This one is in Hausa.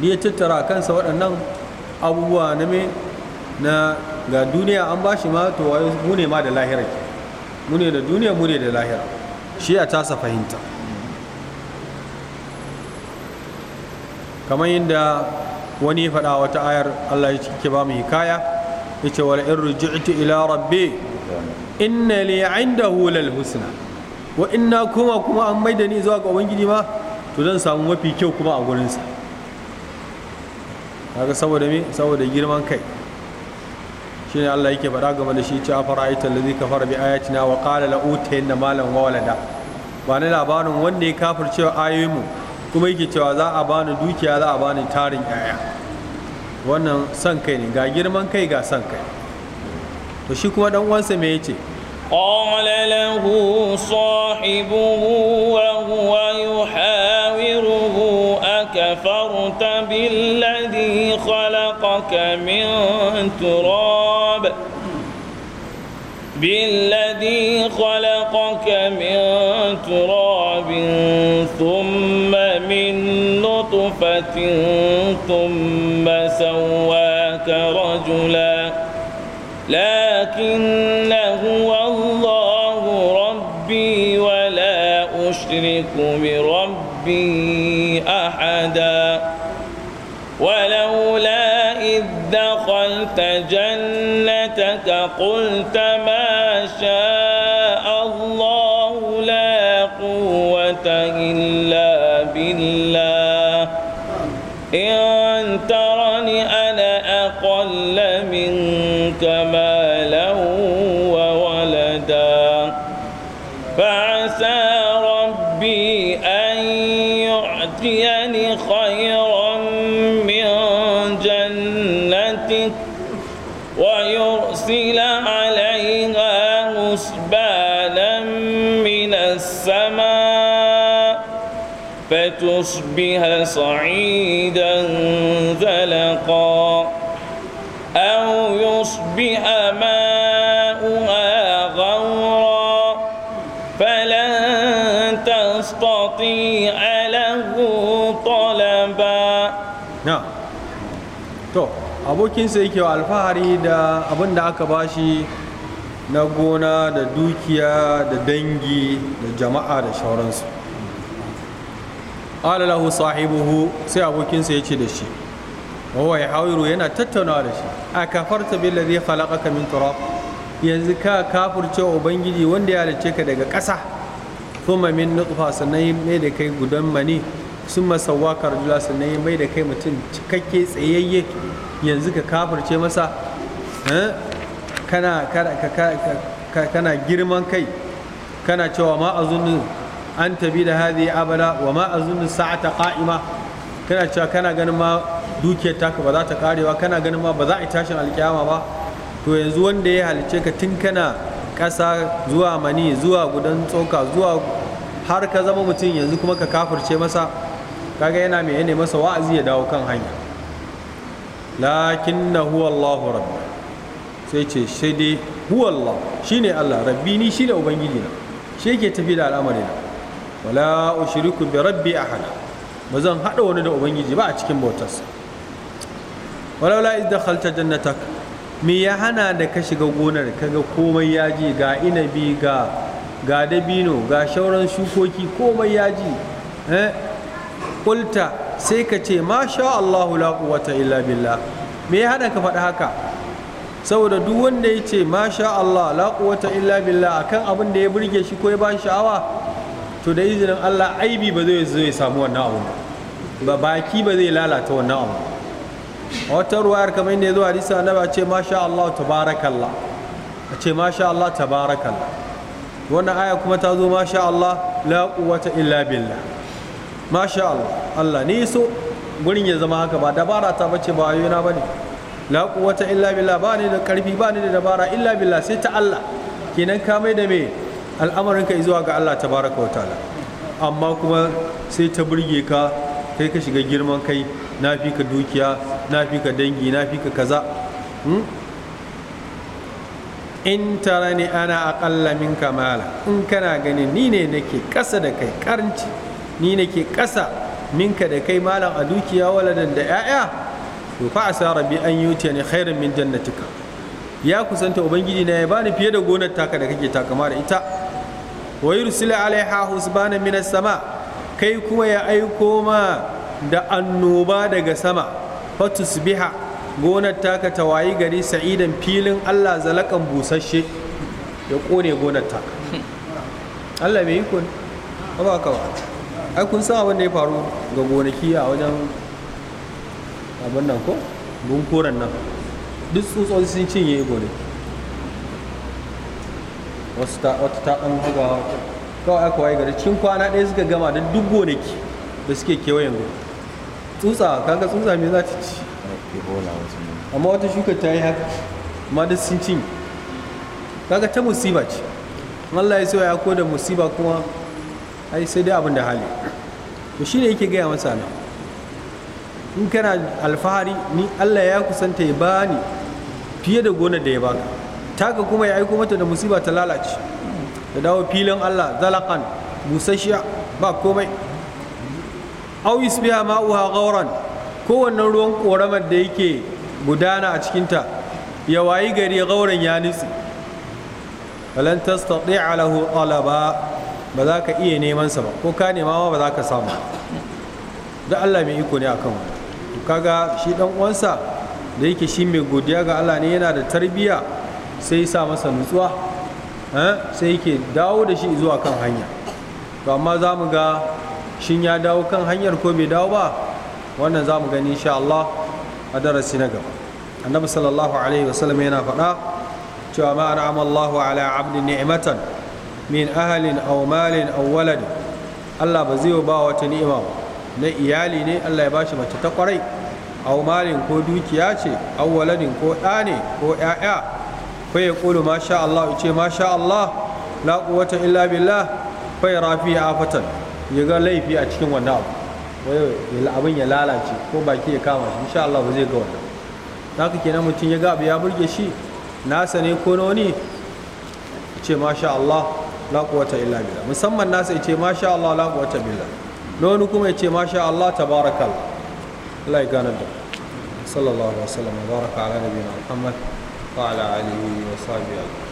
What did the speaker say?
ni ya tattara kansa waɗannan abubuwa na me na ga duniya an ba shi ma to mu ne ma da lahira ke mu ne da duniya mu ne da lahira shi a tasa fahimta kamar yadda wani ya faɗa wata ayar Allah ya ke ba mu hikaya ya ce wala in ruji'tu ila rabbi inna li 'indahu lal husna wa inna kuma kuma an maida ni zuwa ga ubangiji ma to zan samu mafi kyau kuma a gurinsa kaga saboda me saboda girman kai shine Allah yake faɗa game da shi ce a fara'aitar da zai kafar bi ayatina wa ƙala la utayin da malam wa walada ba ni labarin wanda ya kafar cewa mu kuma yake cewa za a bani dukiya za a bani tarin 'ya'ya wannan son kai ne ga girman kai ga son kai to shi kuma dan uwansa me yace قال له صاحبه وهو يحاوره أكفرت بالله خلقناك من تراب بالذي خلقك من تراب ثم من نطفة ثم سواك رجلا لكن هو الله ربي ولا أشرك بربي أحدا ولولا إذ دخلت جنتك قلت ما شاء الله لا قوة إلا بالله إن ترني أنا أقل منك مالا وولدا فعسى ربي أن يعطيني لنرسل عليها حسبانا من السماء فتصبح صعيدا زلقا أو يصبح ماؤها غورا فلن تستطيع abokinsa yake wa alfahari da abin da aka bashi na gona da dukiya da dangi da jama'a da shauransu alalahu sahibuhu sai abokinsa ya ce da shi wawa hawiru yana tattaunawa da shi a kafarta bil ladhi khalaqaka min turab yanzu ka kafurce ubangiji wanda ya halice ka daga ƙasa kuma min nutfa sannan mai da kai gudan mani sun masawaka rajula sannan mai da kai mutum cikakke tsayayye yanzu ka kafirce masa eh, kana girman kai kana cewa ma zunni an tabi da hadhihi abada wa ma zunni sa'ata ƙa'ima kana cewa kana ganin ma dukiyar taka ba za ta karewa kana ganin ma ba za a yi tashin alkiyama ba to yanzu wanda ya halice ka tun kana ƙasa zuwa mani zuwa gudan tsoka zuwa har ka zama mutum yanzu kuma ka kafirce masa kaga yana mai ne masa wa'azi ya dawo kan hanya lakin na huwallahu rabbi sai ce sai dai huwallahu shi ne Allah rabbi ni shi ne ubangiji na shi ke tafi da al'amari na wala ushiriku bi rabbi ahada ba zan haɗa wani da ubangiji ba a cikin bautarsa wala wala idda khalta jannatak me ya hana da ka shiga gonar kaga komai ya ji ga inabi ga ga dabino ga shauran shukoki komai ya ji eh kulta sai ka ce masha Allahu la quwwata illa billah me ya hada ka faɗi haka saboda duk wanda ya ce masha Allah la quwwata illa billah akan abin da ya burge shi ko ya ba sha'awa to da izinin Allah aibi ba zai zai samu wannan abu ba baki ba zai lalata wannan abu a wata ruwayar kamar inda ya zo hadisi annabi a ce masha Allah tabarakallah a ce masha Allah tabarakallah wannan aya kuma ta zo masha Allah la quwwata illa billah masha Allah Allah ni so gurin ya zama haka ba dabara ta bace ba wayo na bane la quwwata illa billah ba ni da karfi ba ni da dabara illa billah sai ta Allah kenan ka mai da me al'amarin ka zuwa ga Allah tabaraka wa ta'ala amma kuma sai ta burge ka kai ka shiga girman kai na fi ka dukiya na fi ka dangi na fi ka kaza hmm? in tarani ana aƙalla minka mala in kana ganin ni ne nake kasa da kai karanci. ni nake ƙasa minka da kai malam a dukiya waladan da 'ya'ya to fa asa rabbi an yuti ne khairin min jannatika ya kusanta ubangiji na ya bani fiye da gonar taka da kake takama da ita wa yursila alaiha husbana min sama kai kuma ya aiko ma da annoba daga sama Fatus Biha gonar taka ta wayi gari sa'idan filin Allah zalakan busasshe ya kone gonar taka Allah mai iko ne ba ka ai kun san abin da ya faru ga gonaki a wajen abin nan ko koren nan duk tsutsotsi sun cinye gonaki wasu ta wata ta dan haga kawai aka waye gari cikin kwana ɗaya suka gama da duk gonaki da suke kewayen gona tsutsa kaga tsutsa me za ta ci amma wata shuka ta yi haka amma duk sun cinye kaga ta musiba ce Allah ya ya ko da musiba kuma ai sai dai abin da hali to shine yake gaya masa na? in kana alfahari ni Allah ya kusanta ya bani fiye da gonar da ya baka taka kuma ya aiko mata da musiba ta lalace da dawo filin Allah zalakan musashiya ba komai au yusbiha ma'uha ghauran kowannen ruwan koramar da yake gudana a cikinta ya wayi gari gauran ya nisi falan tastati'a lahu alaba ba za ka iya neman sa ba ko ka nema ma ba za ka samu da Allah mai iko ne akan wani kaga shi dan uwansa da yake shi mai godiya ga Allah ne yana da tarbiya sai ya sa masa nutsuwa eh, sai yake dawo da shi zuwa kan hanya to amma za mu ga shin ya dawo kan hanyar ko bai dawo ba wannan za mu gani insha Allah a darasi na gaba annabi sallallahu alaihi wasallam yana faɗa cewa ma an'ama Allahu ala abdin ni'matan min ahalin aw malin aw walad Allah ba zai ba wata ni'ima na iyali ne Allah ya bashi mace ta kwarai aw malin ko dukiya ce aw waladin ko ɗa ne ko yaya. fa ya kulu ma Allah ce Allah la quwwata illa billah fa rafi afatan laifi a cikin wannan abu abin ya lalace ko baki ya kama shi insha Allah ba zai ga wannan haka kenan mutum ya ga abu ya burge shi nasa ne ko na ce masha Allah la quwwata illa billah musamman nasa ce masha Allah la quwwata billah na wani kuma ce masha Allah tabarakal Allah ya gane da sallallahu alaihi wasallam baraka ala nabiyina Muhammad wa ala alihi wa sahbihi